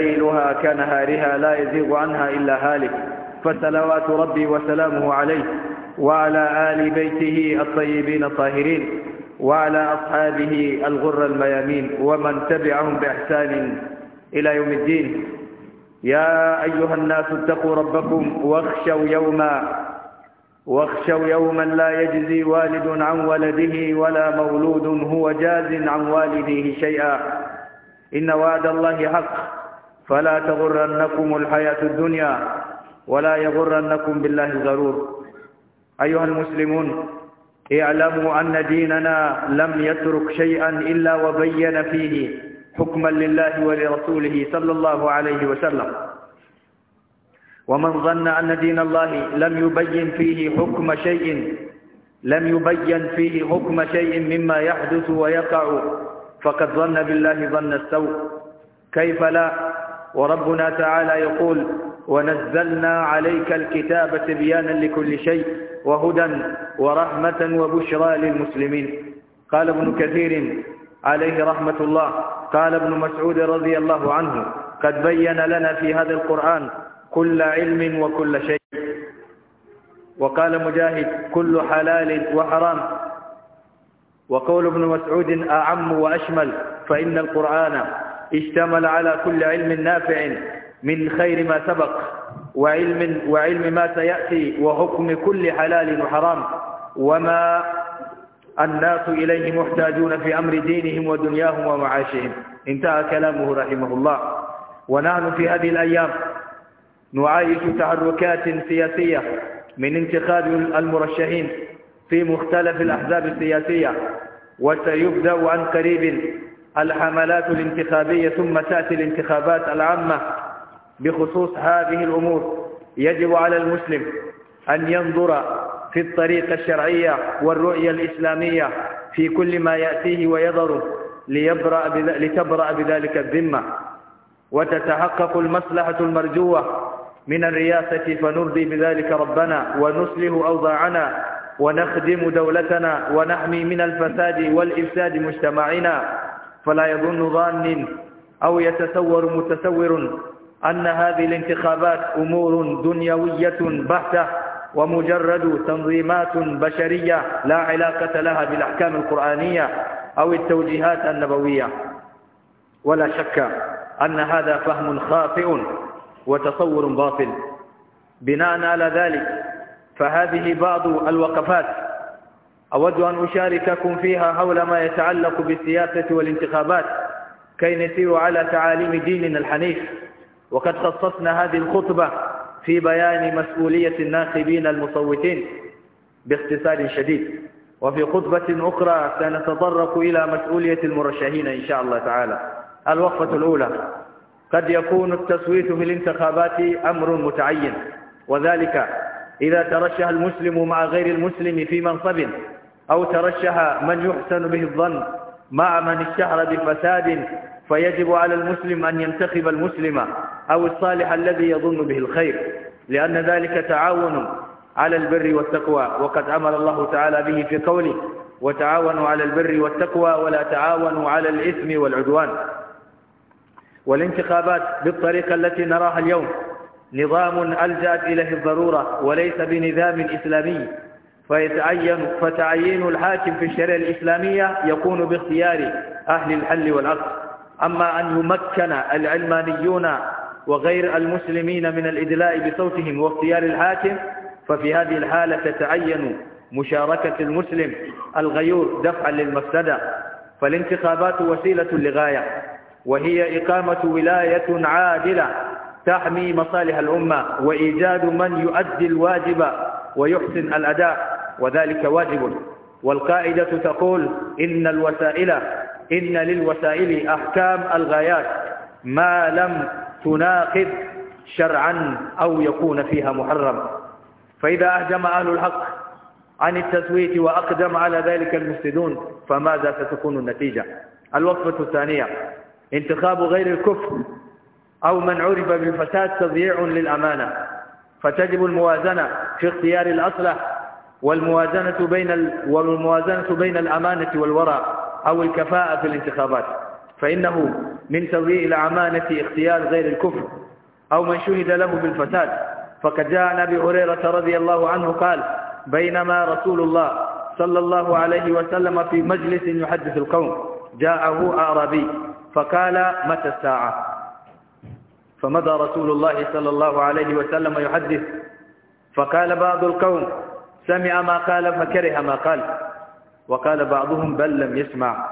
ليلها كنهارها لا يزيغ عنها إلا هالك فسلوات ربي وسلامه عليه وعلى آل بيته الطيبين الطاهرين وعلى أصحابه الغر الميامين ومن تبعهم بإحسان إلى يوم الدين يا أيها الناس اتقوا ربكم واخشوا يوما واخشوا يوما لا يجزي والد عن ولده ولا مولود هو جاز عن والده شيئا إن وعد الله حق فلا تغرنكم الحياة الدنيا ولا يغرنكم بالله الغرور أيها المسلمون اعلموا أن ديننا لم يترك شيئا إلا وبين فيه حكما لله ولرسوله صلى الله عليه وسلم ومن ظن أن دين الله لم يبين فيه حكم شيء لم يبين فيه حكم شيء مما يحدث ويقع فقد ظن بالله ظن السوء كيف لا وربنا تعالى يقول ونزلنا عليك الكتاب تبيانا لكل شيء وهدى ورحمة وبشرى للمسلمين قال ابن كثير عليه رحمة الله قال ابن مسعود رضي الله عنه قد بين لنا في هذا القرآن كل علم وكل شيء وقال مجاهد كل حلال وحرام وقول ابن مسعود أعم وأشمل فإن القرآن اشتمل على كل علم نافع من خير ما سبق وعلم, وعلم ما سيأتي وحكم كل حلال وحرام وما الناس إليه محتاجون في أمر دينهم ودنياهم ومعاشهم انتهى كلامه رحمه الله ونحن في هذه الأيام نعايش تحركات سياسية من انتخاب المرشحين في مختلف الأحزاب السياسية وسيبدأ عن قريب الحملات الانتخابية ثم تأتي الانتخابات العامة بخصوص هذه الأمور يجب على المسلم أن ينظر في الطريقة الشرعية والرؤية الإسلامية في كل ما يأتيه ويضره ليبرأ لتبرأ بذلك الذمة وتتحقق المصلحة المرجوة من الرياسة فنرضي بذلك ربنا ونسله أوضاعنا ونخدم دولتنا ونحمي من الفساد والإفساد مجتمعنا فلا يظن ظان أو يتصور متصور أن هذه الانتخابات أمور دنيوية بحتة ومجرد تنظيمات بشرية لا علاقة لها بالأحكام القرآنية أو التوجيهات النبوية ولا شك أن هذا فهم خاطئ وتصور باطل بناء على ذلك فهذه بعض الوقفات أود أن أشارككم فيها حول ما يتعلق بالسياسة والانتخابات كي نسير على تعاليم ديننا الحنيف وقد خصصنا هذه الخطبة في بيان مسؤولية الناخبين المصوتين باختصار شديد وفي خطبة أخرى سنتطرق إلى مسؤولية المرشحين إن شاء الله تعالى الوقفة الأولى قد يكون التصويت في الانتخابات أمر متعين وذلك إذا ترشح المسلم مع غير المسلم في منصب أو ترشح من يحسن به الظن مع من اشتهر بفساد فيجب على المسلم أن ينتخب المسلم أو الصالح الذي يظن به الخير لأن ذلك تعاون على البر والتقوى وقد أمر الله تعالى به في قوله وتعاونوا على البر والتقوى ولا تعاونوا على الإثم والعدوان والانتخابات بالطريقة التي نراها اليوم نظام ألجأت إليه الضرورة وليس بنظام إسلامي فيتعين فتعيين الحاكم في الشريعة الإسلامية يكون باختيار أهل الحل والعقد أما أن يمكن العلمانيون وغير المسلمين من الإدلاء بصوتهم واختيار الحاكم ففي هذه الحالة تتعين مشاركة المسلم الغيور دفعا للمفسدة فالانتخابات وسيلة لغاية وهي إقامة ولاية عادلة تحمي مصالح الأمة وإيجاد من يؤدي الواجب ويحسن الأداء وذلك واجب والقاعدة تقول إن الوسائل إن للوسائل أحكام الغايات ما لم تناقض شرعا أو يكون فيها محرم فإذا أهجم أهل الحق عن التسويت وأقدم على ذلك المفسدون فماذا ستكون النتيجة الوصفة الثانية انتخاب غير الكفر أو من عرف بالفساد تضييع للأمانة فتجب الموازنة في اختيار الأصلح والموازنة بين والموازنة بين الأمانة والورع أو الكفاءة في الانتخابات فإنه من توضيع الأمانة اختيار غير الكفر أو من شهد له بالفساد فقد جاء عن أبي هريرة رضي الله عنه قال بينما رسول الله صلى الله عليه وسلم في مجلس يحدث القوم جاءه أعرابي فقال متى الساعة فمضى رسول الله صلى الله عليه وسلم يحدث فقال بعض القوم سمع ما قال فكره ما قال وقال بعضهم بل لم يسمع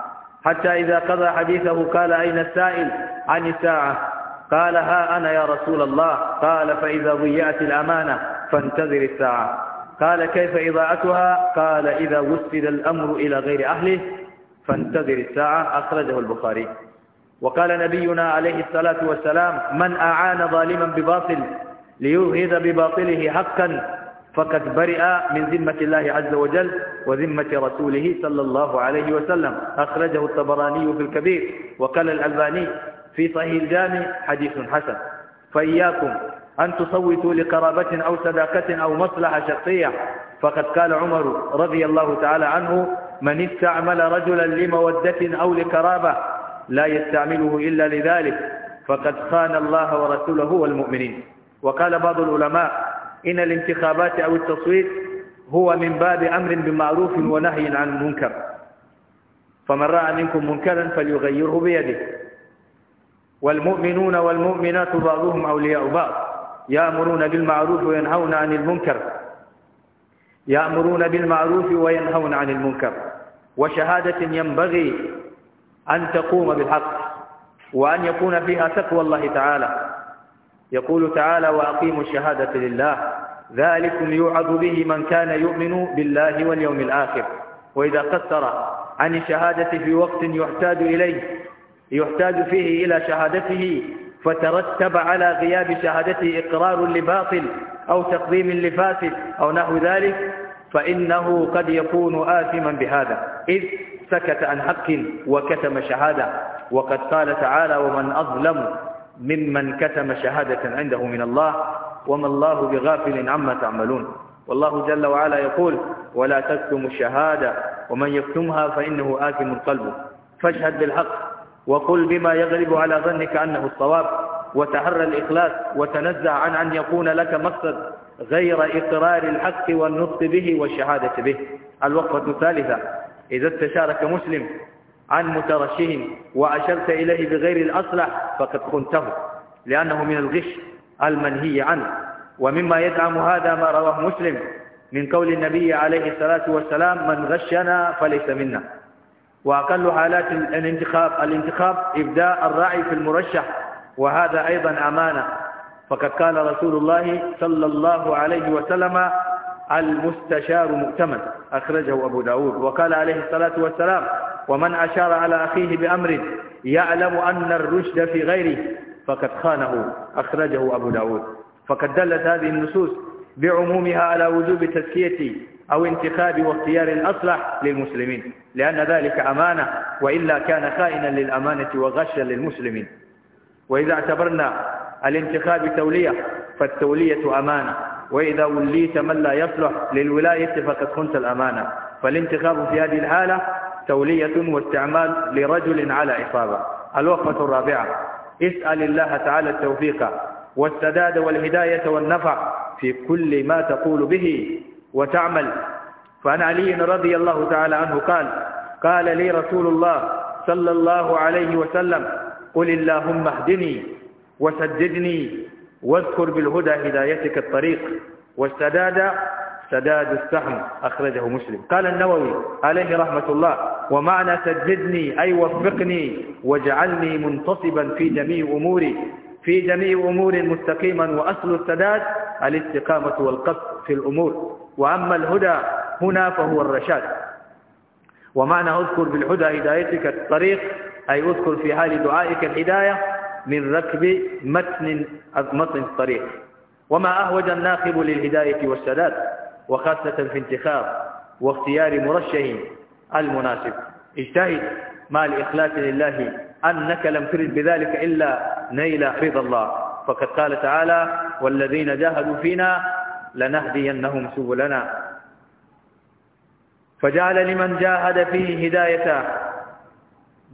حتى إذا قضى حديثه قال أين السائل عن الساعة قال ها أنا يا رسول الله قال فإذا ضيعت الأمانة فانتظر الساعة قال كيف إضاءتها قال إذا وسد الأمر إلى غير أهله فانتظر الساعة أخرجه البخاري وقال نبينا عليه الصلاة والسلام من أعان ظالما بباطل ليوهد بباطله حقا فقد برئ من ذمة الله عز وجل وذمة رسوله صلى الله عليه وسلم أخرجه الطبراني في الكبير وقال الألباني في صحيح الجامع حديث حسن فإياكم أن تصوتوا لقرابة أو صداقة أو مصلحة شخصية فقد قال عمر رضي الله تعالى عنه من استعمل رجلا لمودة أو لقرابة لا يستعمله إلا لذلك فقد خان الله ورسوله والمؤمنين وقال بعض العلماء إن الانتخابات أو التصويت هو من باب أمر بمعروف ونهي عن منكر فمن رأى منكم منكرا فليغيره بيده والمؤمنون والمؤمنات بعضهم أولياء بعض يأمرون بالمعروف وينهون عن المنكر يأمرون بالمعروف وينهون عن المنكر وشهادة ينبغي أن تقوم بالحق وأن يكون فيها تقوى الله تعالى يقول تعالى وأقيموا الشهادة لله ذلكم يوعظ به من كان يؤمن بالله واليوم الآخر وإذا قصر عن الشهادة في وقت يحتاج إليه يحتاج فيه إلى شهادته فترتب على غياب شهادته إقرار لباطل أو تقديم لفاسد أو نحو ذلك فإنه قد يكون آثما بهذا إذ سكت عن حق وكتم شهادة وقد قال تعالى ومن أظلم ممن كتم شهادة عنده من الله وما الله بغافل عما تعملون والله جل وعلا يقول ولا تكتم الشهادة ومن يكتمها فإنه آثم قلبه فاشهد بالحق وقل بما يغلب على ظنك أنه الصواب وتحرى الإخلاص وتنزع عن أن يكون لك مقصد غير إقرار الحق والنطق به والشهادة به الوقفة الثالثة إذا استشارك مسلم عن مترشهم وأشرت إليه بغير الأصلح فقد خنته لأنه من الغش المنهي عنه ومما يدعم هذا ما رواه مسلم من قول النبي عليه الصلاة والسلام من غشنا فليس منا وأقل حالات الانتخاب الانتخاب إبداء الرعي في المرشح وهذا أيضا أمانة فقد قال رسول الله صلى الله عليه وسلم المستشار مؤتمن أخرجه أبو داود وقال عليه الصلاة والسلام ومن أشار على أخيه بأمر يعلم أن الرشد في غيره فقد خانه أخرجه أبو داود فقد دلت هذه النصوص بعمومها على وجوب تزكية أو انتخاب واختيار الأصلح للمسلمين لأن ذلك أمانة وإلا كان خائنا للأمانة وغشا للمسلمين وإذا اعتبرنا الانتخاب تولية فالتولية أمانة وإذا وليت من لا يصلح للولاية فقد خنت الأمانة فالانتخاب في هذه الحالة تولية واستعمال لرجل على إصابة الوقفة الرابعة اسأل الله تعالى التوفيق والسداد والهداية والنفع في كل ما تقول به وتعمل فعن علي رضي الله تعالى عنه قال قال لي رسول الله صلى الله عليه وسلم قل اللهم اهدني وسددني واذكر بالهدى هدايتك الطريق والسداد سداد السهم أخرجه مسلم قال النووي عليه رحمة الله ومعنى سددني أي وفقني واجعلني منتصبا في جميع أموري في جميع أمور مستقيما وأصل السداد الاستقامة والقصد في الأمور وأما الهدى هنا فهو الرشاد ومعنى أذكر بالهدى هدايتك الطريق أي أذكر في حال دعائك الهداية من ركب متن متن الطريق وما أهوج الناخب للهداية والسداد وخاصة في انتخاب واختيار مرشح المناسب اجتهد مع الإخلاص لله أنك لم ترد بذلك إلا نيل رضا الله فقد قال تعالى والذين جاهدوا فينا لنهدينهم سبلنا فجعل لمن جاهد فيه هداية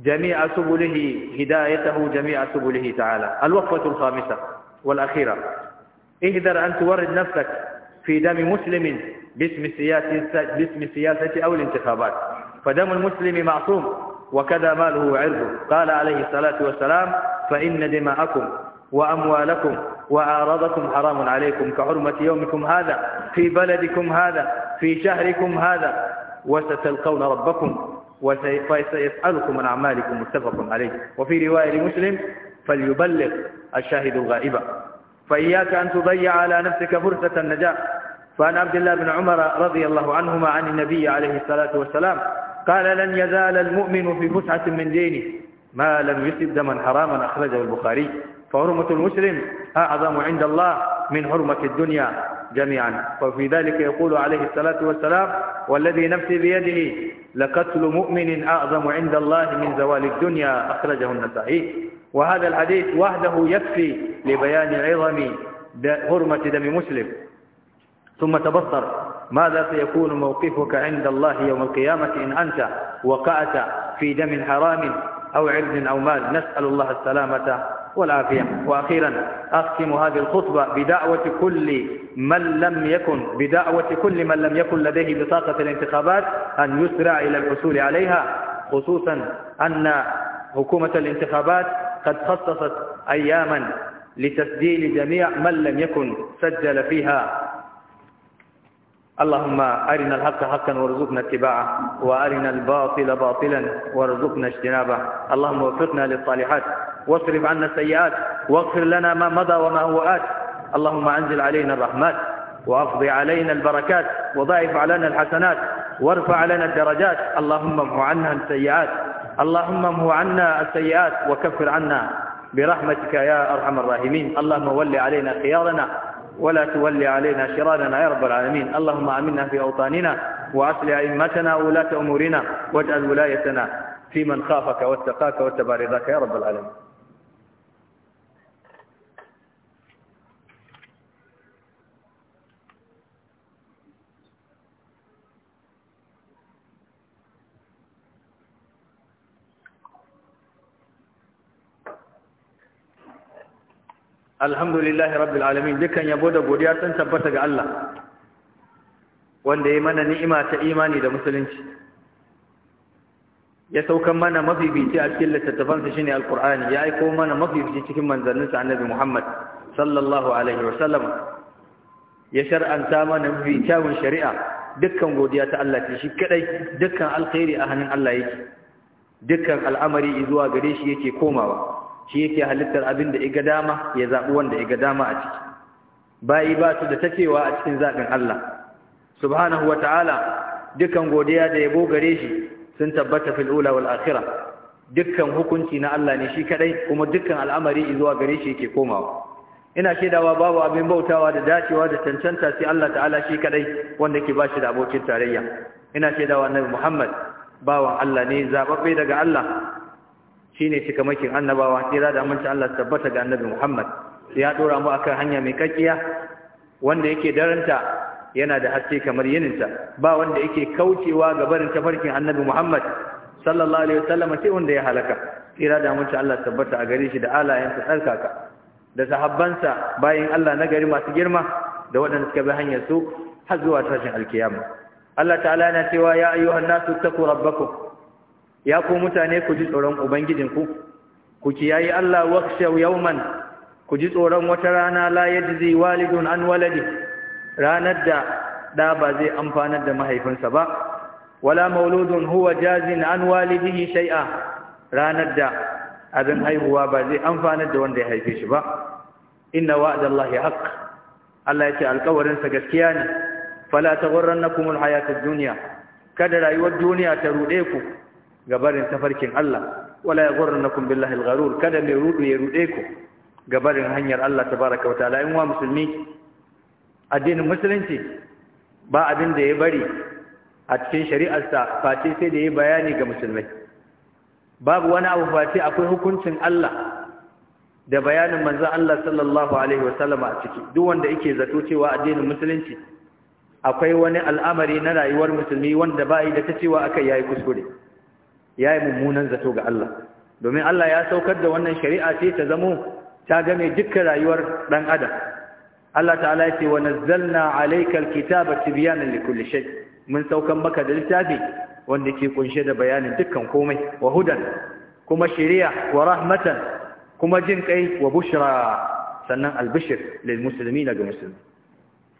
جميع سبله هدايته جميع سبله تعالى الوقفة الخامسة والأخيرة اهذر أن تورد نفسك في دم مسلم باسم سياسة, باسم سياسة أو الانتخابات فدم المسلم معصوم وكذا ماله وعرضه قال عليه الصلاة والسلام فإن دماءكم وأموالكم وأعراضكم حرام عليكم كحرمة يومكم هذا في بلدكم هذا في شهركم هذا وستلقون ربكم وسيسألكم عن أعمالكم متفق عليه وفي رواية مسلم فليبلغ الشاهد الغائبة فإياك أن تضيع على نفسك فرصة النجاة فعن عبد الله بن عمر رضي الله عنهما عن النبي عليه الصلاة والسلام قال لن يزال المؤمن في فسعة من دينه ما لم يصب دما حراما أخرجه البخاري فحرمة المسلم أعظم عند الله من حرمة الدنيا جميعا وفي ذلك يقول عليه الصلاة والسلام والذي نفسي بيده لقتل مؤمن أعظم عند الله من زوال الدنيا أخرجه النسائي وهذا الحديث وحده يكفي لبيان عظم هرمة دم مسلم ثم تبصر ماذا سيكون موقفك عند الله يوم القيامة إن أنت وقعت في دم حرام أو عرض أو مال نسأل الله السلامة والعافية وأخيرا أختم هذه الخطبة بدعوة كل من لم يكن بدعوة كل من لم يكن لديه بطاقة الانتخابات أن يسرع إلى الحصول عليها خصوصا أن حكومة الانتخابات قد خصصت أياما لتسجيل جميع من لم يكن سجل فيها اللهم أرنا الحق حقا وارزقنا اتباعه وأرنا الباطل باطلا وارزقنا اجتنابه اللهم وفقنا للصالحات واصرف عنا السيئات واغفر لنا ما مضى وما هو آت اللهم أنزل علينا الرحمات وأفضي علينا البركات وضاعف علينا الحسنات وارفع علينا الدرجات اللهم امه عنا السيئات اللهم امه عنا السيئات وكفر عنا برحمتك يا أرحم الراحمين اللهم ول علينا خيارنا ولا تولي علينا شرارنا يا رب العالمين اللهم امنا في اوطاننا واصل ائمتنا وولاة امورنا واجعل ولايتنا في من خافك واتقاك واتبع رضاك يا رب العالمين alhamdulillahi rabbil alamin dukan yabo da godiya sun tabbata ga Allah wanda ya mana ni'ima ta imani da musulunci ya saukan mana mafifici a cikin littattafan sa shine alqur'ani ya aika mana mafifici cikin manzannin sa annabi Muhammad sallallahu alaihi wasallam ya shar'anta mana mafi kyawun shari'a dukkan godiya ta Allah ce shi kadai dukkan alkhairi a hannun Allah yake dukkan al'amari zuwa gare shi yake komawa shi yake halittar abin da iga dama ya zaɓi wanda iga dama a ciki bayi ba su da tacewa a cikin zaɓin Allah subhanahu wa ta'ala dukkan godiya da yabo gare shi sun tabbata fil ula wal dukkan hukunci na Allah ne shi kadai kuma dukkan al'amari zuwa gare shi yake komawa ina shaidawa babu abin bautawa da dacewa da cancanta sai Allah ta'ala shi kadai wanda ke bashi da abokin tarayya ina shaidawa annabi Muhammad bawan Allah ne zababbe daga Allah Shi shi kamakin annabawa tsira da amince Allah tabbata ga annabi Muhammad ya dora mu akan hanya mai kakkiya wanda yake daranta yana da haske kamar yininta ba wanda yake kaucewa ga barin tafarkin annabi Muhammad sallallahu alaihi wasallam sai wanda ya halaka tsira da amince Allah tabbata a gare shi da alayansa tsarkaka da sahabbansa bayin Allah na gari masu girma da waɗanda suka bi hanyar su har zuwa tashin alkiyama Allah ta'ala yana cewa ya ayyuhan nasu taqu rabbakum ya ku mutane ku ji tsoron ubangijinku ku kiyayi Allah wakshaw yawman ku ji tsoron wata rana la yajzi walidun an waladi ranar da da ba zai amfanar da mahaifinsa ba wala mauludun huwa jazin an walidihi shay'a ranar da abin haihuwa ba zai amfanar da wanda ya haife shi ba inna wa'dallahi haqq Allah ya ce sa gaskiya ne fala taghurrannakumul hayatud dunya kada rayuwar duniya ta rude ku gabarin tafarkin Allah wala yaghurrannakum billahi algharur kada mai rudu ya rude ku gabarin hanyar Allah tabaraka wa ta'ala in wa musulmi addinin musulunci ba abin da ya bari a cikin shari'arsa face sai da ya bayani ga musulmai babu wani abu face akwai hukuncin Allah da bayanin manzon Allah sallallahu alaihi wasallama a ciki duk wanda yake zato cewa addinin musulunci akwai wani al'amari na rayuwar musulmi wanda ba yi da ta cewa akai yayi kuskure ya yi mummunan zato ga Allah domin Allah ya saukar da wannan shari'a ce ta zamo ta game dukkan rayuwar ɗan adam Allah ta'ala ya ce wa nazzalna alayka alkitaba tibyanan likulli shay mun saukan maka da littafi wanda ke kunshe da bayanin dukkan komai wa hudan kuma shari'a wa rahmatan kuma jin kai wa bushra sannan albishir lil muslimin ga musulmi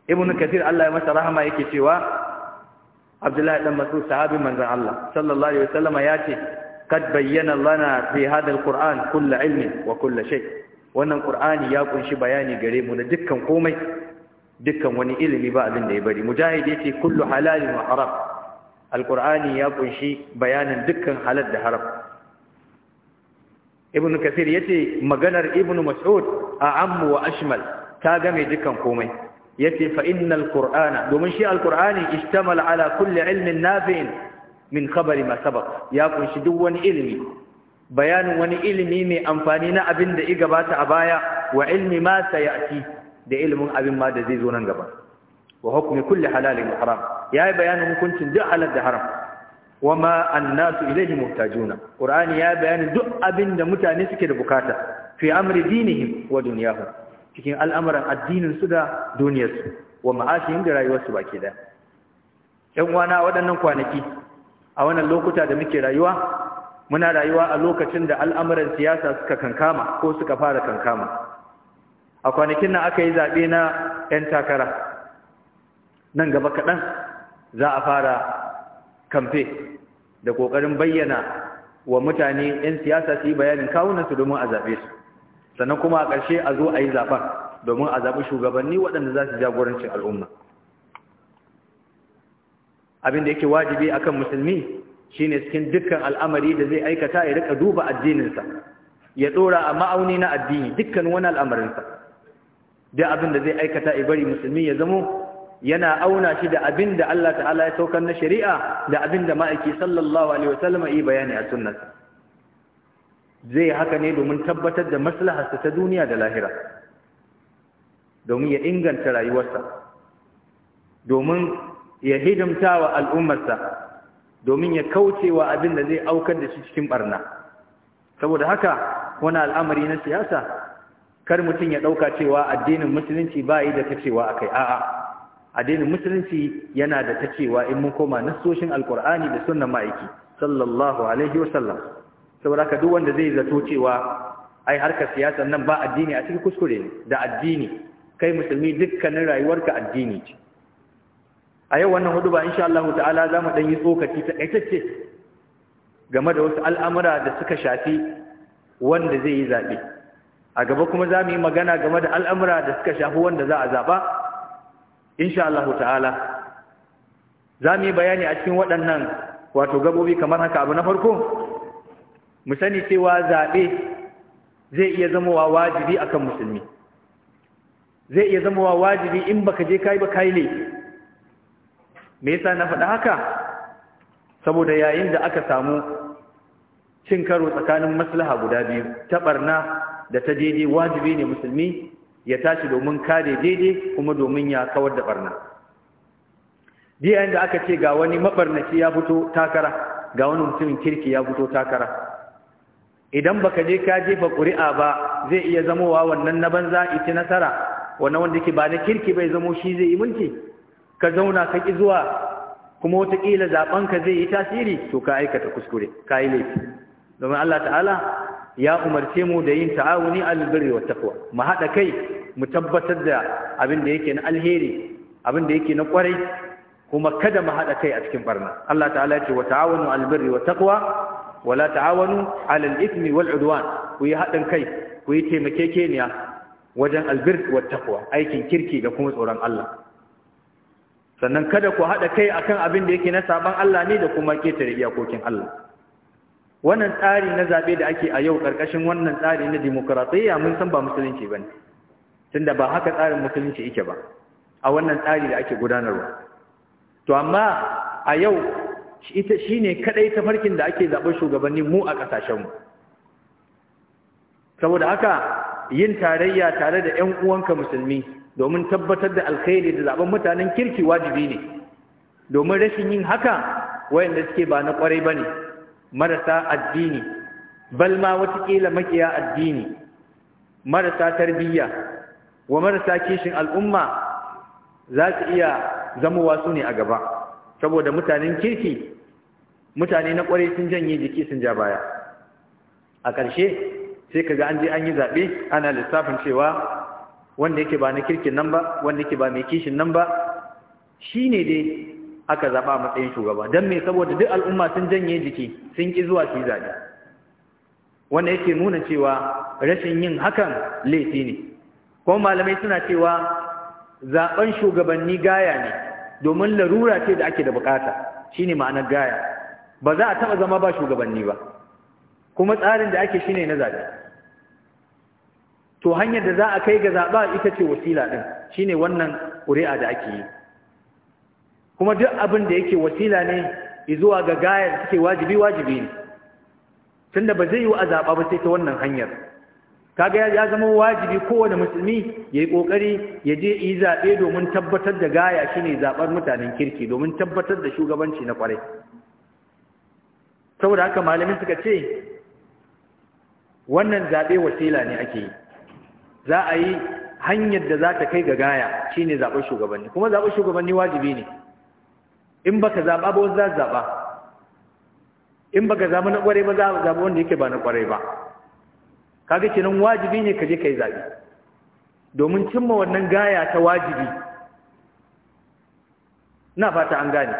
ibn kathir Allah ya masa rahama yake cewa abdullahi dan mas'ud sahabi manzan Allah sallallahu alaihi wasallama ce, kad bayyana lana fi hadal kur'an kulla ilmin wa kulla shai. wannan kur'ani ya ƙunshi bayani gare mu na dukkan komai dukkan wani ilimi ba abin da ya bari mujahid yace kullu halalin wa haram alqur'ani ya ƙunshi bayanin dukkan halar da haram ibnu kasir yace maganar ibnu mas'ud a'ammu wa ashmal ta game dukkan komai yace fa innal qur'ana domin shi alqur'ani ishtamal ala kulli ilmin nafi'in min khabari ma sabaq ya kunshi duk wani ilimi bayanin wani ilimi mai amfani na abin da ya gabata a baya wa ilmi ma sayati da ilimin abin ma da zai zo nan gaba wa hukmi kulli halalin wa haram yayi bayanin hukuncin duk halal da haram wa ma annasu ilayhi muhtajuna qur'ani ya bayani duk abin da mutane suke da bukata fi amri dinihim wa dunyahum cikin al'amuran addinin su da duniyarsu wa ma'ashin da rayuwarsu ba ke da ƴan uwana waɗannan kwanaki a wannan lokuta da muke rayuwa muna rayuwa a lokacin da al'amuran siyasa suka kankama ko suka fara kankama a kwanakin nan aka yi zaɓe na 'yan takara nan gaba kaɗan za a fara kamfe da ƙoƙarin bayyana wa mutane 'yan siyasa su yi bayanin kawunansu domin a zaɓe su sannan kuma a ƙarshe a zo a yi zaɓen domin a zaɓi shugabanni waɗanda za su jagorancin al'umma abin da yake wajibi akan musulmi shine cikin dukkan al'amari da zai aikata ya riƙa duba addininsa ya ɗora a ma'auni na addini dukkan wani al'amarinsa da abin da zai aikata ya bari musulmi ya zamo yana auna shi da abin da Allah ta'ala ya saukar na shari'a da abin da ma'aiki sallallahu alaihi wasallam yi bayani a sunnarsa zai haka ne domin tabbatar da maslaharsa ta duniya da lahira domin ya inganta rayuwarsa domin ya hidimta wa al'ummarsa domin ya kauce wa abin da zai aukar da shi cikin barna saboda haka wani al'amari na siyasa kar mutum ya ɗauka cewa addinin musulunci ba yi da tacewa a kai a'a addinin musulunci yana da tacewa in mun koma nassoshin alkur'ani da sunan ma'aiki sallallahu alaihi wasallam saboda ka duk wanda zai zato cewa ai harkar siyasar nan ba addini a cikin kuskure ne da addini kai musulmi dukkanin rayuwarka addini ce a yau wannan hudu ba insha Allah ta'ala za mu ɗan yi tsokaci ta ƙaitacce game da wasu al'amura da suka shafi wanda zai yi zaɓe a gaba kuma za mu yi magana game da al'amura da suka shafi wanda za a zaɓa insha Allah ta'ala za mu yi bayani a cikin waɗannan wato gabobi kamar haka abu na farko mu sani cewa zaɓe zai iya zamowa wajibi akan musulmi zai iya zamowa wajibi in baka je kai ba kai ne me yasa na faɗa haka saboda yayin da aka samu cin karo tsakanin maslaha guda biyu ta ɓarna da ta daidai wajibi ne musulmi ya tashi domin kare daidai kuma domin ya kawar da barna diyayen da aka ce ga wani mabarnaci ya fito takara ga wani mutumin kirki ya fito takara idan baka je ka jefa ƙuri'a ba zai iya zamowa wannan na banza ita nasara wannan wanda ke ba na kirki bai zamo shi zai yi mulki ka zauna ka ƙi zuwa kuma wataƙila zaɓenka zai yi tasiri to ka aikata kuskure ka yi laifi domin Allah ta'ala ya umarce mu da yin ta'awuni albirri wa taqwa mu haɗa kai mu tabbatar da abin da yake na alheri abin da yake na kwarai kuma kada mu haɗa kai a cikin barna Allah ta'ala ya ce wa ta'awunu albirri wa taqwa wala ta'awanu alal ithmi wal udwan ku yi haɗin kai ku yi taimakekeniya wajen albir wa taqwa aikin kirki da kuma tsoron Allah sannan kada ku haɗa kai akan abin da yake na saban Allah ne da kuma ketare iyakokin Allah wannan tsari na zabe da ake a yau karkashin wannan tsari na demokratiyya mun san ba musulunci bane tunda ba haka tsarin musulunci yake ba a wannan tsari da ake gudanarwa to amma a yau ita shi ne kaɗai tafarkin da ake zaɓar shugabanni mu a ƙasashen mu. saboda haka yin tarayya tare da 'yan uwanka musulmi domin tabbatar da alkhairi da zaɓen mutanen kirki wajibi ne domin rashin yin haka wayanda suke ba na ƙwarai ba ne marasa addini balma watakila makiya addini marasa tarbiyya wa marasa kishin al'umma za su iya zamowa su ne a gaba saboda mutanen kirki mutane na kwarai sun janye jiki sun ja baya a ƙarshe sai ka ga an je an yi zaɓe ana lissafin cewa wanda yake ba na kirkin nan ba wanda yake ba mai kishin nan ba shine dai aka zaɓa matsayin shugaba don mai saboda duk al'umma sun janye jiki sun ƙi zuwa su yi zaɓe wanda yake nuna cewa rashin yin hakan laifi ne kuma malamai suna cewa zaɓen shugabanni gaya ne domin larura ce da ake da bukata shine ma'anar gaya ba za a taba zama ba shugabanni ba kuma tsarin da ake shine na zabe to hanyar da za a kai ga zaba ita ce wasila din shine wannan ƙuri'a da ake yi kuma duk abin da yake wasila ne zuwa ga gayar suke wajibi wajibi ne tunda ba zai yi a zaba ba sai ta wannan hanyar kaga ya zama wajibi kowane musulmi ya yi ƙoƙari ya je yi zaɓe domin tabbatar da gaya shi ne zaɓar mutanen kirki domin tabbatar da shugabanci na ƙwarai saboda haka malamin suka ce wannan zaɓe wasila ne ake yi za a yi hanyar da za ta kai ga gaya shi ne zaɓar shugabanni kuma zaɓar shugabanni wajibi ne in baka zaɓa ba wasu za zaɓa in baka zaɓa na ƙwarai ba za a zaɓa wanda yake ba na ƙwarai ba kaga kenan wajibi ne kaje kai zabi domin cimma wannan gaya ta wajibi na fata an gane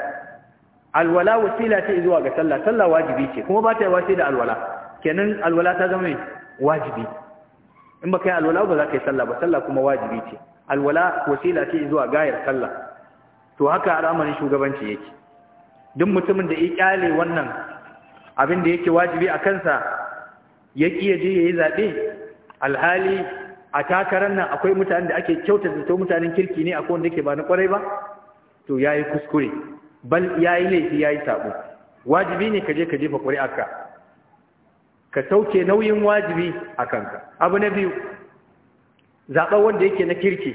alwala wasila ce zuwa ga sallah sallah wajibi ce kuma ba ta yawa sai da alwala kenan alwala ta zama wajibi in ba kai alwala ba za ka yi sallah ba sallah kuma wajibi ce alwala wasila ce zuwa gayar sallah to haka al'amarin shugabanci yake duk mutumin da ya kyale wannan abin da yake wajibi a kansa ya kiya je yi zaɓe? alhali a takarar nan akwai mutanen da ake kyautata zato mutanen kirki ne akwai wanda yake ba na kwarai ba to ya yi kuskure bal ya yi laifi ya yi saɓo wajibi ne ka je ka jefa aka ka sauke nauyin wajibi a kanka abu na biyu zaɓar wanda yake na kirki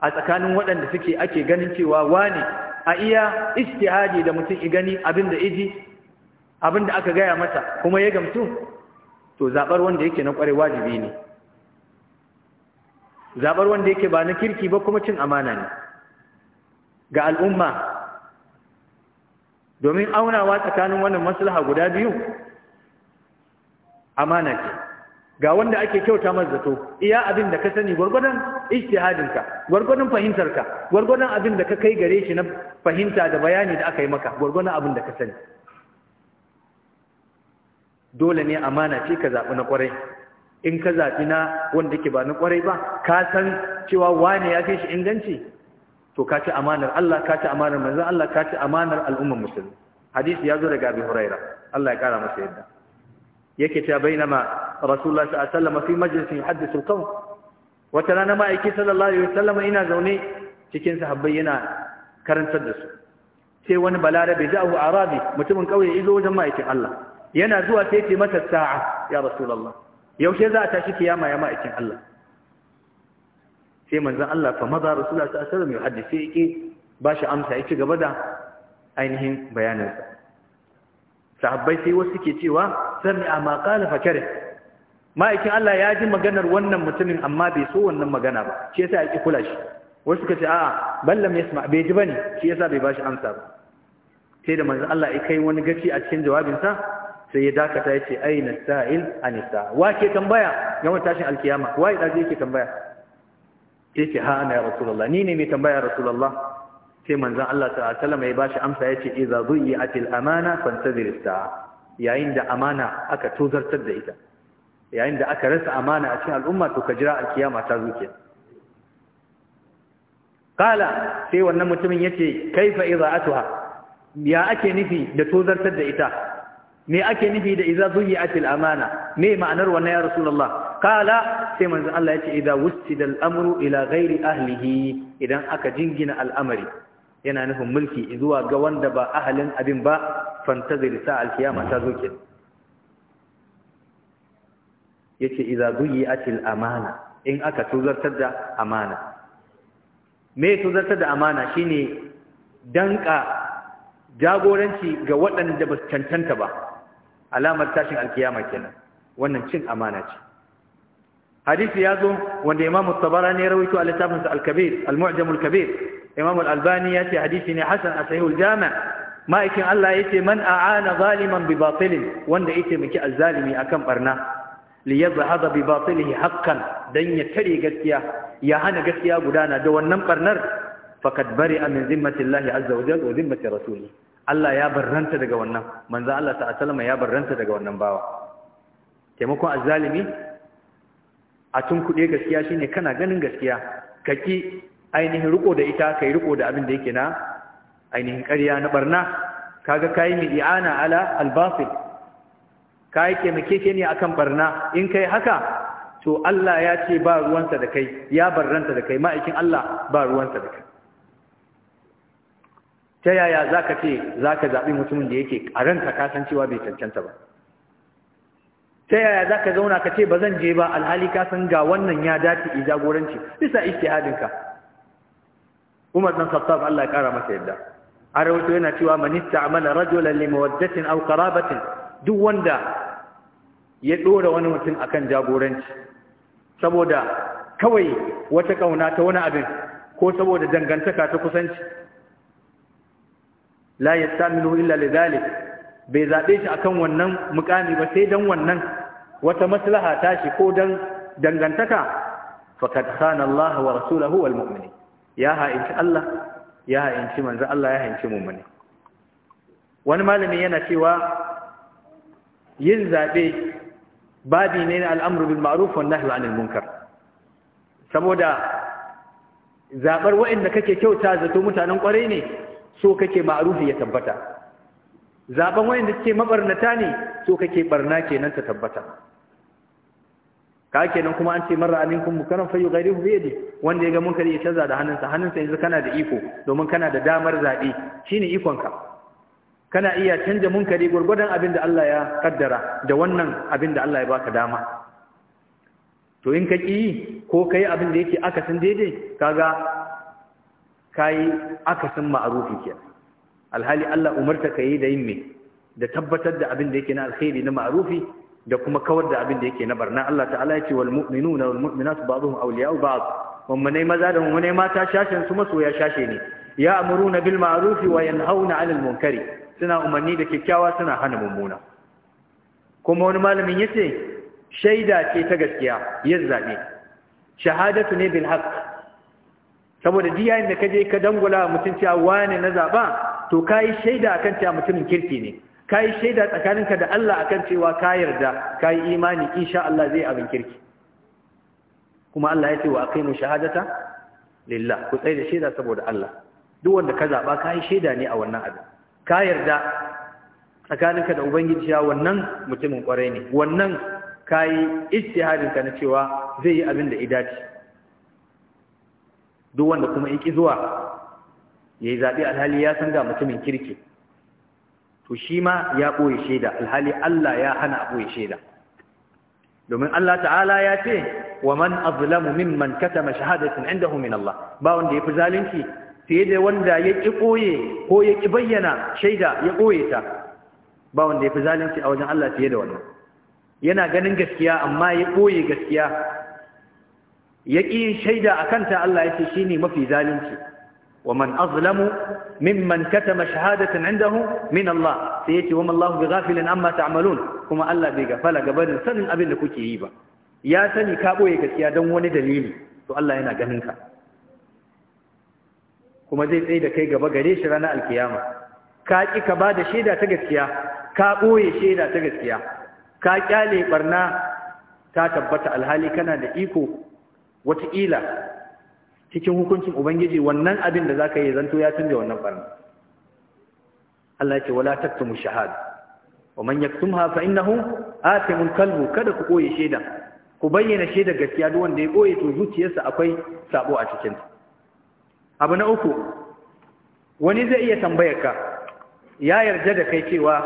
a tsakanin waɗanda suke ake ganin cewa wane a iya istihadi da mutum i gani abin da iji abin aka gaya masa kuma ya gamsu to zabar wanda yake na kware wajibi ne zabar wanda yake ba na kirki ba kuma cin amana ne ga al'umma domin aunawa tsakanin wannan maslaha guda biyu amana ce ga wanda ake kyauta zato, iya abin da ka sani gwargwadon ijtihadinka gwargwadon fahimtarka gwargwadon abin da ka kai gare shi na fahimta da bayani da aka yi maka gwargwadon abin da ka sani dole ne amana ce ka zaɓi na ƙwarai in ka zaɓi na wanda ke ba na ƙwarai ba ka san cewa wane ya fi shi inganci to ka ci amanar Allah ka ci amanar manzan Allah ka ci amanar al'ummar musulmi hadisi ya zo daga abin huraira Allah ya ƙara masa yadda yake ta bainama rasulullah sallallahu Sallama wasallam fi majlisin yuhaddithu al-qawm wata rana ma'aiki sallallahu alaihi sallama ina zaune cikin sahabbai yana karantar da su sai wani balarabe ja'u arabi mutumin kauye izo wajen ma'aikin Allah yana zuwa sai ce mata sa'a ya rasulullah yaushe za a tashi kiyama ya ma'aikin Allah sai manzon Allah fa maza rasulullah sallallahu alaihi wasallam ya haddace yake ba shi amsa ya ci gaba da ainihin bayanansa sahabbai sai wasu ke cewa sami'a ma qala fa kare ma'aikin Allah ya ji maganar wannan mutumin amma bai so wannan magana ba shi yasa ya ki kula shi wasu suka ce a'a ballam yasma bai ji bane shi yasa bai ba shi amsa ba sai da manzon Allah ya kai wani gaci a cikin jawabinsa sai ya dakata ya ce aina sa'il anisa wa ke tambaya yawan tashin alkiyama wa ya daji yake tambaya sai ce ha ana ya rasulallah. ni ne mai tambaya rasulallah? sai manzan Allah ta'ala sallama ya bashi amsa ya ce idza dhuyi'atil amana fantazir sa'a yayin da amana aka tozartar da ita yayin da aka rasa amana a cikin al'umma to ka jira alkiyama ta zuke kala sai wannan mutumin ya yace kaifa idza'atuha ya ake nufi da tozartar da ita me ake nufi da idza zuyi'atil amana me ma'anar wannan ya rasulullah kala sai manzon Allah ya ce idza wustida amru ila ghairi ahlihi idan aka jingina al'amari yana nufin mulki zuwa ga wanda ba ahalin abin ba fantazir sa kiyama ta zo ke yace idza zuyi'atil amana in aka tuzartar da amana me tuzartar da amana shine danka jagoranci ga waɗanda ba su cancanta ba alamar tashin alkiyama kenan wannan cin amana ce hadisi ya zo wanda imamu tabarani ya rawaito a sa al-kabir al-mu'jam al-kabir imamu al-albani ya ce hadisi ne hasan a sahihul jami' ma'aikin Allah ya ce man a'ana zaliman bi batilin wanda ya taimaki azzalimi akan barna li yadhhaba bi batilihi haqqan dan ya tare gaskiya ya hana gaskiya gudana da wannan barnar faqad bari'a min zimmatillahi azza wa jalla wa zimmati rasulih Allah ya barranta daga wannan manzo Allah ta sallama ya barranta daga wannan bawa taimakon azzalimi a tun kuɗe gaskiya shine kana ganin gaskiya kaki ainihin riko da ita kai riko da abin da yake na ainihin ƙarya na barna kaga kai mi i'ana ala al kai ke ne akan barna in kai haka to Allah ya ce ba ruwansa da kai ya barranta da kai ma'aikin Allah ba ruwansa da kai ta yaya za ka ce za ka zaɓi mutumin da yake a ranka kasancewa bai cancanta ba ta yaya za ka zauna ka ce ba zan je ba alhali kasan ga wannan ya dace i jagoranci bisa ka? Umar dan Khattab Allah ya kara masa yadda a yana cewa manista amala rajulan li mawaddatin aw qarabatin duk wanda ya ɗora wani mutum akan jagoranci saboda kawai wata ƙauna ta wani abin ko saboda dangantaka ta kusanci la yastamilu illa lidhalik bai zabe shi akan wannan mukami ba sai dan wannan wata maslaha ta shi ko dan dangantaka faqad khana Allah wa rasuluhu wal mu'minin ya ha in Allah ya ha in manzo Allah ya ha in mu'mini wani malami yana cewa yin zabe babi ne na al'amru bil ma'ruf wan nahyi 'anil munkar saboda zabar wa'anda kake kyauta zato mutanen kwarai ne so kake ma'arufi ya tabbata zaben wayanda suke mabarnata ne so kake barna kenan ta tabbata ka kenan kuma an ce marra aminkum mukarram fayu ghayrihu bi wanda ya ga kari ya canza da hannunsa hannunsa yanzu kana da iko domin kana da damar zabe shine ikonka kana iya canja munkari gurgurdan abin da Allah ya kaddara da wannan abin da Allah ya baka dama to in ka ki ko kai abin da yake akasin daidai kaga kayi akasin ma'arufi kenan alhali Allah umarta ka yi da yin me da tabbatar da abin da yake na alkhairi na ma'arufi da kuma kawar da abin da yake na barna Allah ta'ala ya ce wal mu'minuna wal mu'minatu ba'dhum awliya'u ba'd wammanai maza da wammanai mata shashin su masoya shashe ne ya amuruna bil ma'arufi wa yanhauna 'anil munkari suna umarni da kyakkyawa suna hana mummuna kuma wani malamin yace shaida ce ta gaskiya yin zabe shahadatu ne bil haqq saboda ji yayin da ka je ka dangula mutum cewa wane na zaɓa to ka yi shaida akan cewa mutumin kirki ne ka yi shaida tsakaninka da Allah akan cewa ka yarda ka yi imani insha Allah zai abin kirki kuma Allah ya ce wa aqimu shahadata lillah ku tsaya da shaida saboda Allah duk wanda ka zaɓa ka yi shaida ne a wannan abin ka yarda tsakaninka da ubangiji cewa wannan mutumin kwarai ne wannan ka yi ijtihadinka na cewa zai yi abin da ya dace duk wanda kuma yake zuwa yayi zabi alhali ya san ga mutumin kirki to shi ma ya boye shaida, alhali Allah ya hana boye shaida. domin Allah ta'ala ya ce wa man azlamu mimman katama shahadatin indahu min Allah ba wanda fi zalunci fiye da wanda ya ƙi koye ko ya ƙi bayyana shaida ya koye ta ba wanda fi zalunci a wajen Allah fiye da wannan yana ganin gaskiya amma ya ɓoye gaskiya ya ƙi shaida a kanta Allah ya ce shi ne mafi zalunci wa man azlamu mimman katama shahadatan indahu min Allah sai yace wa mallahu bighafilin amma ta'malun kuma Allah bai gafala barin sanin abin da kuke yi ba ya sani ka boye gaskiya don wani dalili to Allah yana ganin ka kuma zai tsaye da kai gaba gare shi ranar alkiyama ka ki ka bada shaida ta gaskiya ka boye shaida ta gaskiya ka kyale barna ta tabbata alhali kana da iko wataƙila cikin hukuncin ubangiji wannan abin da za ka yi zanto ya canza wannan barna Allah ce wala taktumu shahada wa man yaktumha fa innahu atimun kalbu kada ku koye shaida, ku bayyana shaida gaskiya duk wanda ya koye to zuciyarsa akwai sabo a cikin abu na uku wani zai iya tambayar ka ya yarda da kai cewa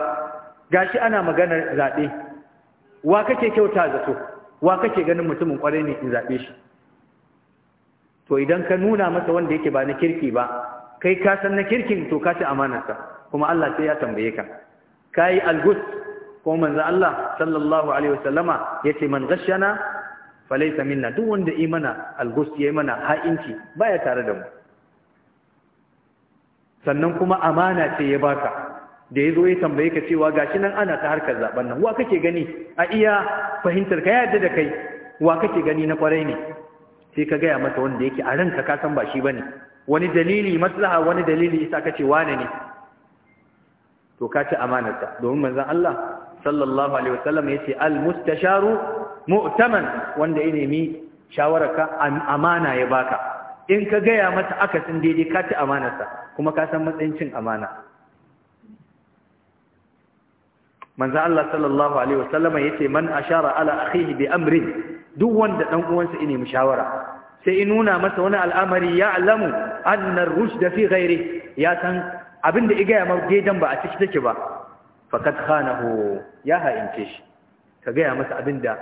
gashi ana maganar zaɓe. wa kake kyauta zato wa kake ganin mutumin kwarai ne in zaɓe shi to idan ka nuna masa wanda yake ba na kirki ba kai ka san na kirkin to ka ci amanarsa kuma Allah sai ya tambaye ka kai algus ko manzo Allah sallallahu alaihi wasallama yace man ghashana falaysa minna duk wanda imana algus yayi mana ha'inci baya tare da mu sannan kuma amana ce ya baka da yazo ya tambaye ka cewa gashi nan ana ta harkar zaben nan wa kake gani a iya fahimtar ka yadda da kai wa kake gani na kwarai ne sai ka gaya masa wanda yake a ranka ka san ba shi bane wani dalili maslaha wani dalili isa ka ce wane ne to ka ci amanarsa domin manzon Allah sallallahu alaihi wasallam yace al mustasharu mu'taman wanda ya nemi shawararka amana ya baka in ka gaya mata akasin daidai ka ci amanarsa kuma ka san matsayin cin amana manzon Allah sallallahu alaihi wasallam yace man ashara ala akhihi bi amrin duk wanda dan uwansa ya nemi shawara sai in nuna masa wani al'amari ya alamu annar da fi gairi ya san abin da iga ya margedan ba a ciki take ba fakat ho, ya haince shi ka gaya masa abin abinda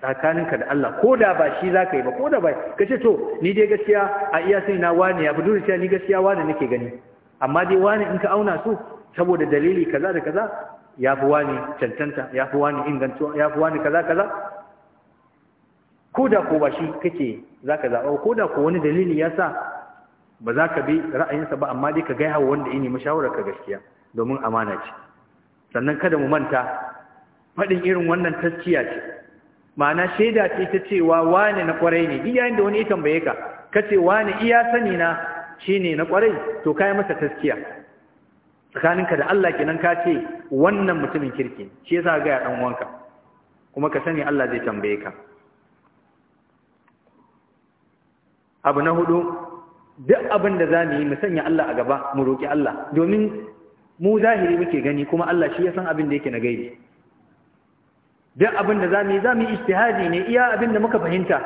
tsakaninka da Allah ko da ba shi za ka yi ba ko da ba ka ce to ni dai gaskiya a iya sai na wani ya budu cewa ni gaskiya wani nake gani amma dai wani in ka auna su saboda dalili kaza da kaza ya fi wani cancanta ya fi wani ingantuwa ya fi wani kaza kaza ko da ko ba shi kake za ka zaɓa ko da ko wani dalili ya sa ba za ka bi ra'ayinsa ba amma dai ka gaya wa wanda ini mashawarar ka gaskiya domin amana ce sannan kada mu manta faɗin irin wannan taskiya ce ma'ana shaida ce ta cewa wane na kwarai ne iya da wani ya tambaye ka kace ce wane iya sani na shine na kwarai to kai masa taskiya tsakaninka da Allah kenan ka ce wannan mutumin kirki shi yasa ga ya dan wanka kuma ka sani Allah zai tambaye ka abu na hudu duk abin da za mu yi mu sanya Allah a gaba mu roƙi Allah domin mu zahiri muke gani kuma Allah shi ya san abin da yake na gaibi duk abin da za mu yi za mu yi ijtihadi ne iya abin da muka fahimta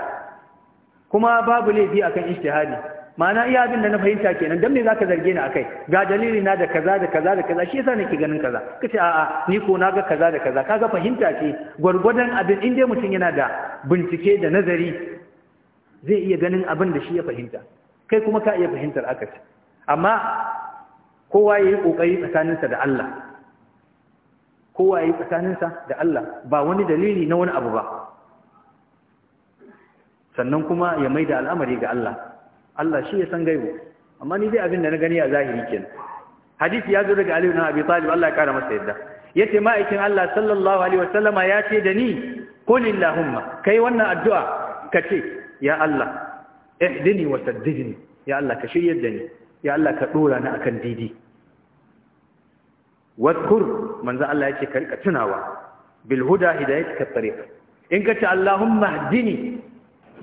kuma babu laifi akan ijtihadi ma'ana iya abin da na fahimta kenan dan me zaka zarge ni akai ga dalili na da kaza da kaza da kaza shi yasa nake ganin kaza kace a'a ni ko na ga kaza da kaza kaga fahimta ce gurgurdan abin in dai mutum yana da bincike da nazari zai iya ganin abin da shi ya fahimta kai kuma ka iya fahimtar akasi amma kowa ya yi ƙoƙari tsakaninsa da Allah kowa ya yi tsakaninsa da Allah ba wani dalili na wani abu ba sannan kuma ya mai da al'amari ga Allah Allah shi ya san gaibu amma ni dai abin da na gani a zahiri kenan hadisi ya zo daga Aliyu na Abi Talib Allah ya kara masa yadda yace ma'aikin Allah sallallahu alaihi wasallama ya ce da ni qulillahumma kai wannan addu'a kace ya Allah ihdini wa saddidni ya Allah ka shiryar da ni ya Allah ka dora ni akan didi wadkur manzo Allah yake ka rika tunawa bil huda hidayatika tariq in kace Allahumma hdini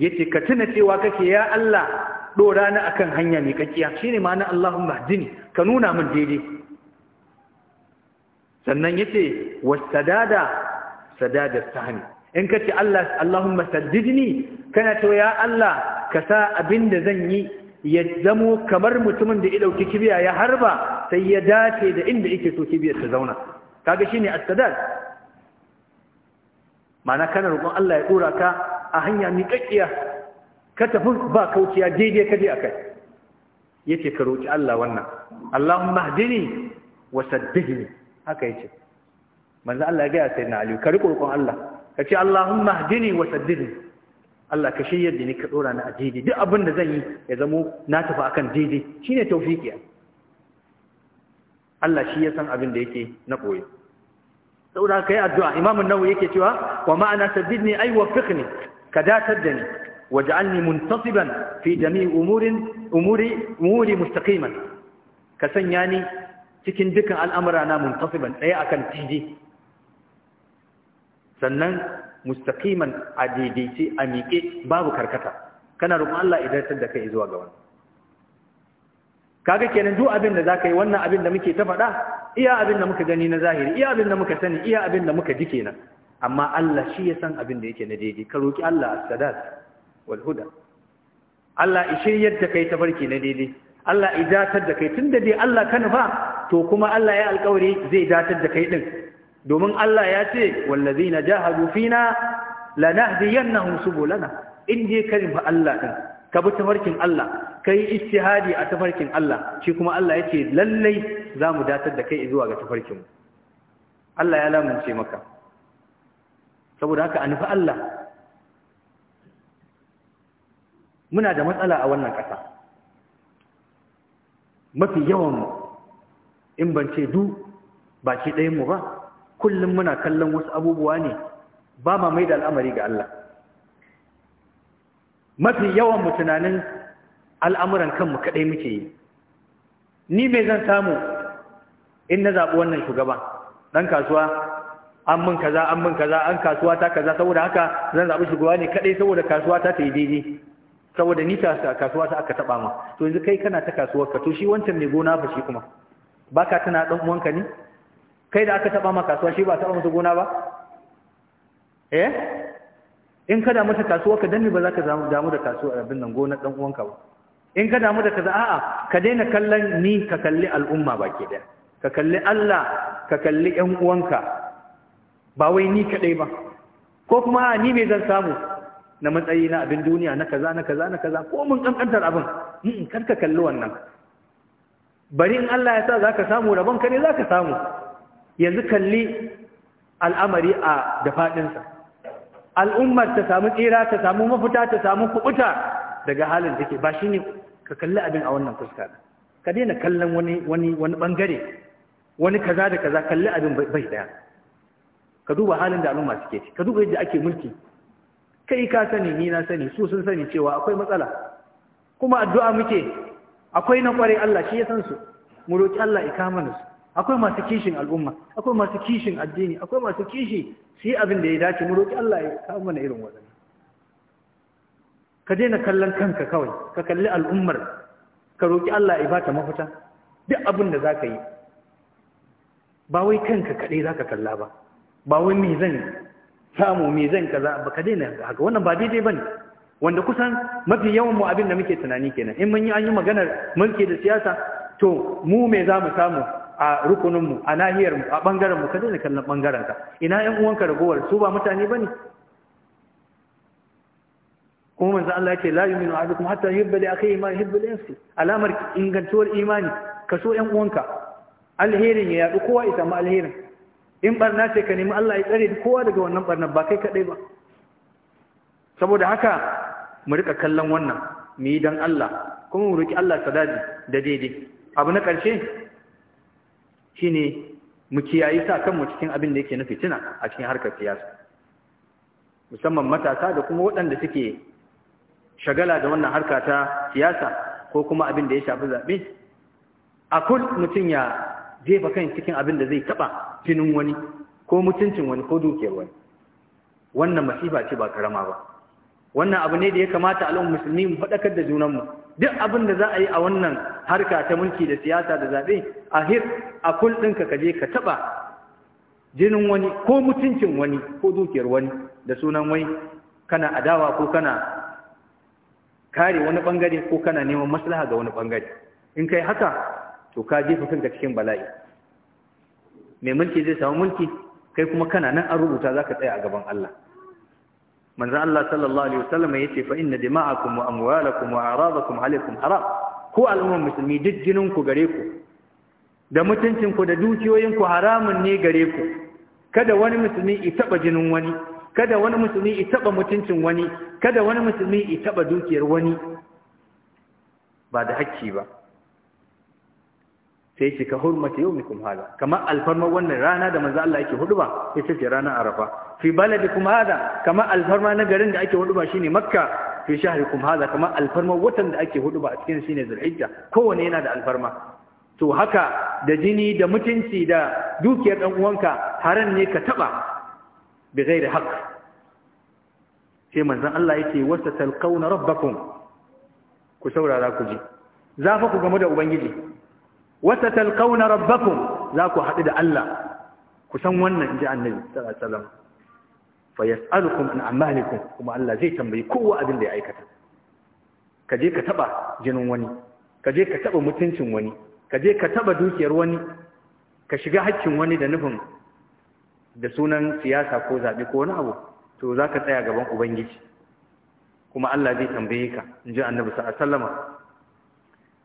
yace ka tuna cewa kake ya Allah dora ni akan hanya mai kakkiya shine ma'ana Allahumma hdini ka nuna min daidai sannan yace wasadada sadada sahmi in ka ce Allah Allahumma saddidni kana to ya Allah ka sa abin da zan yi ya zamo kamar mutumin da ya dauki kibiya ya harba sai ya dace da inda yake so kibiyar ta zauna kaga shine as-sadad ma'ana kana roƙon Allah ya dora ka a hanya miƙaƙiya ka tafi ba kauciya daidai ka je akai yace ka roki Allah wannan Allahumma hdini wa saddidni haka yace manzo Allah ya ga sai na Ali ka riƙo roƙon Allah ka ce Allahumma hdini wa saddidni Allah ka shiryar da ni ka dora ni a daidai duk abin da zan yi ya zamo na tafi akan daidai shine tawfiqiya Allah shi ya san abin da yake na koyi saboda haka yi addu'a Imam an yake cewa wa ma'ana ai ay ne ka datar da ni waj'alni muntasiban fi jami'i umurin umuri umuri mustaqiman ka sanya ni cikin dukan al'amura na muntasiban tsaye akan daidai sannan mustaqiman a daidaice a miƙe babu karkata kana roƙon Allah idan da kai zuwa ga wannan kaga kenan duk abin da zaka yi wannan abin da muke ta faɗa iya abin da muka gani na zahiri iya abin da muka sani iya abin da muka ji kenan amma Allah shi ya san abin da yake na daidai ka roki Allah as sadaq wal huda Allah ya shiryar da kai tafarki na daidai Allah ya datar da kai tunda dai Allah kana ba, to kuma Allah ya alƙawari zai datar da kai din domin Allah ya ce wallazina jahadu fina lanahdiyannahum subulana in je karin fa Allah din ka bi tafarkin Allah kai ijtihadi a tafarkin Allah shi kuma Allah yake lallai zamu datar da kai zuwa ga tafarkin Allah ya lamunce maka saboda haka anfi Allah muna da matsala a wannan ƙasa mafi yawan in ban ce du ba ɗayan mu ba kullum muna kallon wasu abubuwa ne ba ma mai da al'amari ga Allah mafi yawan mu tunanin al'amuran kanmu kaɗai muke yi ni mai zan samu in na zaɓi wannan shugaban ɗan kasuwa an min kaza an min kaza an kasuwa ta kaza saboda haka zan zaɓi shugaba ne kaɗai saboda kasuwa ta ta yi daidai saboda ni ta kasuwa ta aka taɓa ma to yanzu kai kana ta kasuwar to shi wancan mai gona fa shi kuma baka tana ɗan uwanka ne kai da aka taba maka kasuwa shi ba taba mutu gona ba eh in ka damu kasuwa ka danne ba za ka damu da kasuwa abin nan gonar dan uwanka ba in ka damu da kaza a'a ka daina kallon ni ka kalli al'umma baki daya ka kalli Allah ka kalli ƴan uwanka ba wai ni kadai ba ko kuma ni me zan samu na matsayi na abin duniya na kaza na kaza na kaza ko mun kankantar abin kar ka kalli wannan bari in Allah ya sa zaka samu rabon ka ne zaka samu yanzu kalli al'amari a da faɗinsa al'ummar ta samu tsira ta samu mafita ta samu kubuta daga halin take ba shi ne ka kalli abin a wannan fuska ka daina kallon wani wani wani bangare wani kaza da kaza kalli abin bai daya ka duba halin da al'umma suke ci ka duba yadda ake mulki kai ka sani ni na sani su sun sani cewa akwai matsala kuma addu'a muke akwai na kwarai Allah shi ya san su mu roki Allah ya kama su akwai masu kishin al'umma akwai masu kishin addini akwai masu kishi su yi abin da ya dace mu roƙi Allah ya kawo mana irin waɗannan ka daina kallon kanka kawai ka kalli al'ummar ka roƙi Allah ya bata mafita duk abin da zaka yi ba wai kanka kaɗai zaka kalla ba ba wai me zan samu me zan kaza ba ka daina haka wannan ba daidai bane wanda kusan mafi yawan mu abin da muke tunani kenan in mun yi an yi maganar mulki da siyasa to mu me za mu samu a rukuninmu a nahiyarmu a ɓangarenmu ka daina kallon ɓangarenka ina ‘yan uwanka ragowar su ba mutane ba ne kuma manzan Allah ya ce la yuminu a duk hatta yubba a kai yi ma yansu alamar ingantuwar imani ka so ‘yan uwanka alherin ya yaɗu kowa isa ma alherin in barna ce ka nemi Allah ya tsare kowa daga wannan barnar ba kai kaɗai ba saboda haka mu riƙa kallon wannan mu yi don Allah kuma mu roƙi Allah sadadi da daidai abu na ƙarshe shine mu kiyayi sa kanmu cikin abin da yake na fitina a cikin harkar siyasa musamman matasa da kuma waɗanda suke shagala da wannan harka ta siyasa ko kuma abin da ya shafi zaɓe a kul mutum ya jefa kan cikin abin da zai taɓa jinin wani ko mutuncin wani ko dukiyar wani wannan masifa ce ba karama ba wannan abu ne da ya kamata a al'ummar musulmi mu faɗakar da junanmu duk abin da za a yi a wannan harka ta mulki da siyasa da zaɓe a hir a kul ka je ka taɓa jinin wani ko mutuncin wani ko dukiyar wani da sunan wai kana adawa ko kana kare wani ɓangare, ko kana neman maslaha ga wani ɓangare. in kai haka to ka jefa kanka cikin bala'i mai mulki zai samu mulki kai kuma kana nan an rubuta za ka tsaya a gaban Allah manzan Allah sallallahu alaihi wasallam ce fa inna dima'akum wa kuma wa a'radakum halittun haram ko al'ummar musulmi duk jinin gare ku da mutuncinku da dukiyoyinku haramun ne gare ku kada wani musulmi i taba jinin wani kada wani musulmi i taba mutuncin wani kada wani musulmi i taba dukiyar wani ba da hakki ba sai ce ka hurmata mikum hada kamar alfarma wannan rana da manzo Allah yake huduba ita ce ranar Arafa fi baladikum hada kamar alfarma na garin da ake huduba shine Makka fi shahrikum hada kamar alfarma watan da ake huduba a cikin shine Zulhijja kowanne yana da alfarma to haka da jini da mutunci da dukiyar ɗan uwanka haran ne ka taba bi ghairi haqq sai manzon Allah yake wasta talqauna rabbakum ku saurara ku ji za fa ku gamu da ubangiji wasta talqauna rabbakum za ku haɗu da Allah ku san wannan ji annabi sallallahu alaihi wasallam fa yas'alukum an a'malikum kuma Allah zai tambayi kowa abin da ya aikata ka je ka taɓa jinin wani ka je ka taɓa mutuncin wani ka je ka taba dukiyar wani ka shiga haƙƙin wani da nufin da sunan siyasa ko zaɓe ko wani abu to za ka tsaya gaban ubangiji kuma Allah zai tambaye ka in ji annabi sa'a sallama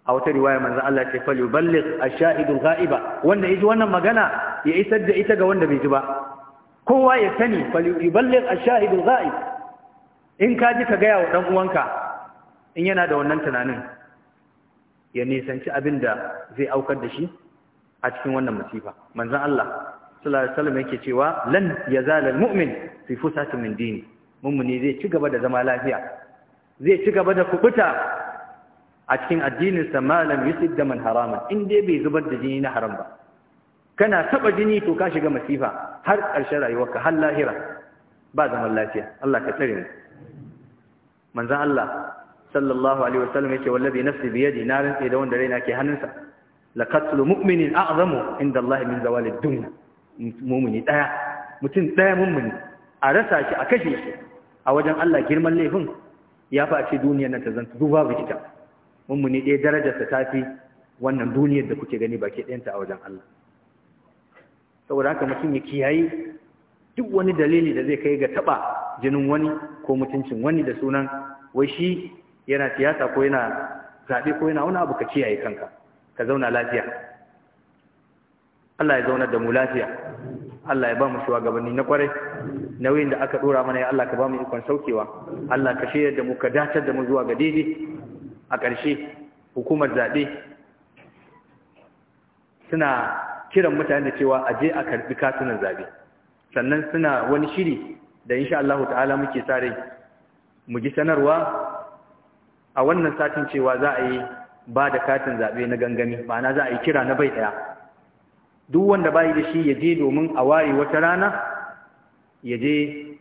a wata riwaya manzo Allah ce fal yuballigh ash-shahidul ghaiba wanda ya ji wannan magana ya isar da ita ga wanda bai ji ba kowa ya sani fal yuballigh ash-shahidul ghaib in ka ji ka ga wa dan uwanka in yana da wannan tunanin ya nisanci abin da zai aukar da shi a cikin wannan masifa Manzan Allah sallallahu yake cewa lan yazala almu'min fi fusatin min dini mummuni zai ci gaba da zama lafiya zai ci gaba da kubuta a cikin addininsa malam yusuf da man haraman in bai zubar da jini na haram ba kana taba jini to ka shiga masifa har ƙarshen rayuwarka har lahira ba zaman lafiya Allah ka tsare mu Manzan Allah sallallahu alaihi wasallam yake wallabi nafsi yadi na rantsa da wanda raina ke hannunsa la qatlu mu'minin a'zamu inda Allah min zawal ad-dunya mu'mini daya mutum daya mu'mini a rasa shi a kashe shi a wajen Allah girman laifin ya fa a ce duniyar nan ta zanta duba ba kita. mu'mini daya darajarsa ta fi wannan duniyar da kuke gani baki ɗayanta a wajen Allah saboda haka mutum ya kiyaye duk wani dalili da zai kai ga taba jinin wani ko mutuncin wani da sunan wai shi yana siyasa ko yana zaɓe ko yana wani abu ka kiyaye kanka ka zauna lafiya Allah ya zauna da mu lafiya Allah ya ba mu gabanni na kwarai nauyin da aka dora mana ya Allah ka ba mu ikon saukewa Allah ka shirya da mu ka dacar da mu zuwa ga daidai a ƙarshe hukumar zaɓe suna kiran mutane da cewa a je a karɓi katunan zaɓe sannan suna wani shiri da insha Allah ta'ala muke sa mu ji sanarwa a wannan satin cewa za a yi ba da katin zaɓe na gangami ma'ana za a yi kira na bai ɗaya duk wanda bayi da shi ya je domin a waye wata rana ya je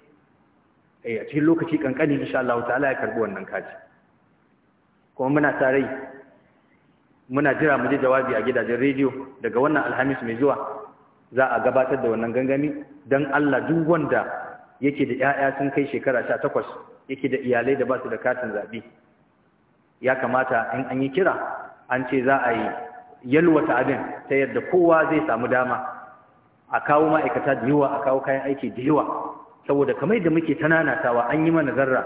eh, a cikin lokaci kankani insha Allah ta'ala ya karɓi wannan kaji kuma muna tare muna jira mu je jawabi a gidajen rediyo daga wannan alhamis mai zuwa za a gabatar da wannan gangami don Allah duk wanda yake da 'ya'ya sun kai shekara sha takwas yake da iyalai da ba su da katin zaɓe ya kamata in an yi kira an ce za a yi yalwata abin ta yadda kowa zai samu dama a kawo ma'aikata da yiwa a kawo kayan aiki da yiwa saboda kamar da muke tananatawa an yi mana zarra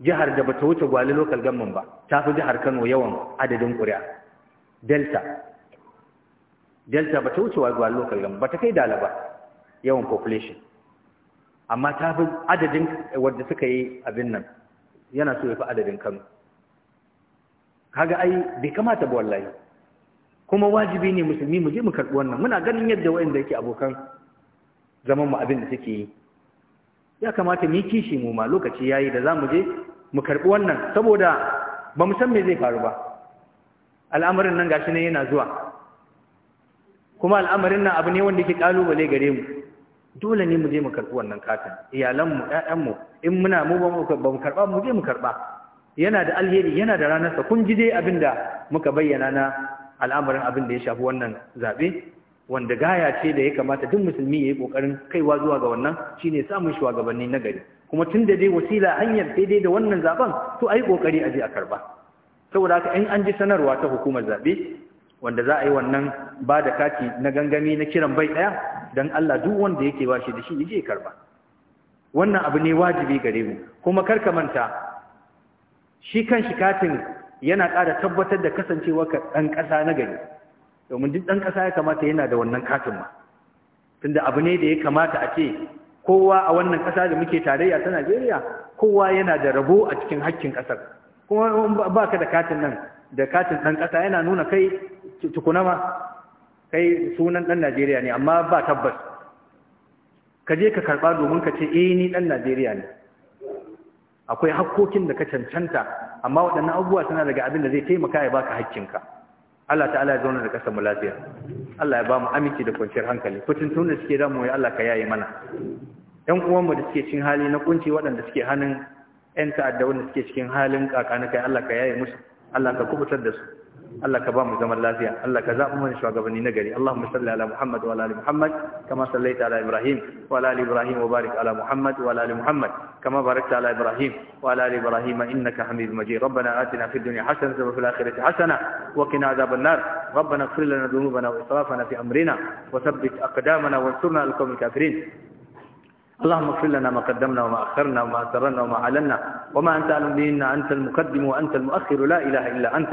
jihar da bata wuce gwali local gamman ba ta fi jihar Kano yawan adadin ƙuri'a delta delta bata wuce gwali local ba bata kai ba yawan population amma ta fi adadin wadda suka yi abin nan yana so ya fi adadin Kano kaga ai bai kamata ba wallahi kuma wajibi ne musulmi mu je mu karɓi wannan muna ganin yadda wa'anda yake abokan zaman mu abin da suke yi ya kamata mu kishi mu ma lokaci yayi da zamu je mu karɓi wannan saboda ba mu san me zai faru ba al'amarin nan gashi ne yana zuwa kuma al'amarin nan abu ne wanda yake kalubale gare mu dole ne mu je mu karɓi wannan katin ƴaƴan mu, in muna mu ba mu karɓa mu je mu karɓa yana da alheri yana da ranarsa kun ji dai abin da muka bayyana na al'amarin abin da ya shafi wannan zaɓe wanda gaya ce da ya kamata duk musulmi ya yi ƙoƙarin kaiwa zuwa ga wannan shine samun shugabanni na gari kuma tun da dai wasila hanyar sai dai da wannan zaben to a yi ƙoƙari a je a karɓa saboda haka in an ji sanarwa ta hukumar zaɓe wanda za a yi wannan ba da kati na gangami na kiran bai ɗaya don Allah duk wanda yake ba shi da shi ya je karɓa wannan abu ne wajibi gare mu kuma kar ka manta shi kan shi katin yana ƙara tabbatar da kasancewa ɗan ƙasa na gari domin duk ɗan ƙasa ya kamata yana da wannan katin ma tunda abu ne da ya kamata a ce kowa a wannan ƙasa da muke tarayya ta Najeriya kowa yana da rabo a cikin haƙƙin ƙasar kuma ba ka da katin nan da katin ɗan ƙasa yana nuna kai tukuna ma kai sunan ɗan Najeriya ne amma ba tabbas ka je ka karɓa domin ka ce eh ni ɗan Najeriya ne akwai hakkokin da ka cancanta amma waɗannan abubuwa suna daga abin da zai taimaka ya baka hakkinka Allah ta'ala ya zauna da kasar mu lafiya Allah ya ba mu aminci da kwanciyar hankali tun da suke damu ya Allah ka yaye mana ƴan mu da suke cikin hali na kunci waɗanda suke hannun ƴan ta'adda wanda suke cikin halin kakana kai Allah ka yaye musu Allah ka kubutar da su الله كبام زمان لازيا الله كذاب من شو قبلني نجري اللهم صل على محمد وآل محمد كما صليت على إبراهيم وعلى آل إبراهيم وبارك على محمد وعلى آل محمد كما باركت على إبراهيم وعلى آل إبراهيم إنك حميد مجيد ربنا آتنا في الدنيا حسنة وفي الآخرة حسنة وقنا عذاب النار ربنا اغفر لنا ذنوبنا وإسرافنا في أمرنا وثبت أقدامنا وانصرنا على القوم الكافرين اللهم اغفر لنا ما قدمنا وما أخرنا وما أسرنا وما اعلنا وما أنت أعلم به بيننا أنت المقدم وأنت المؤخر لا إله إلا أنت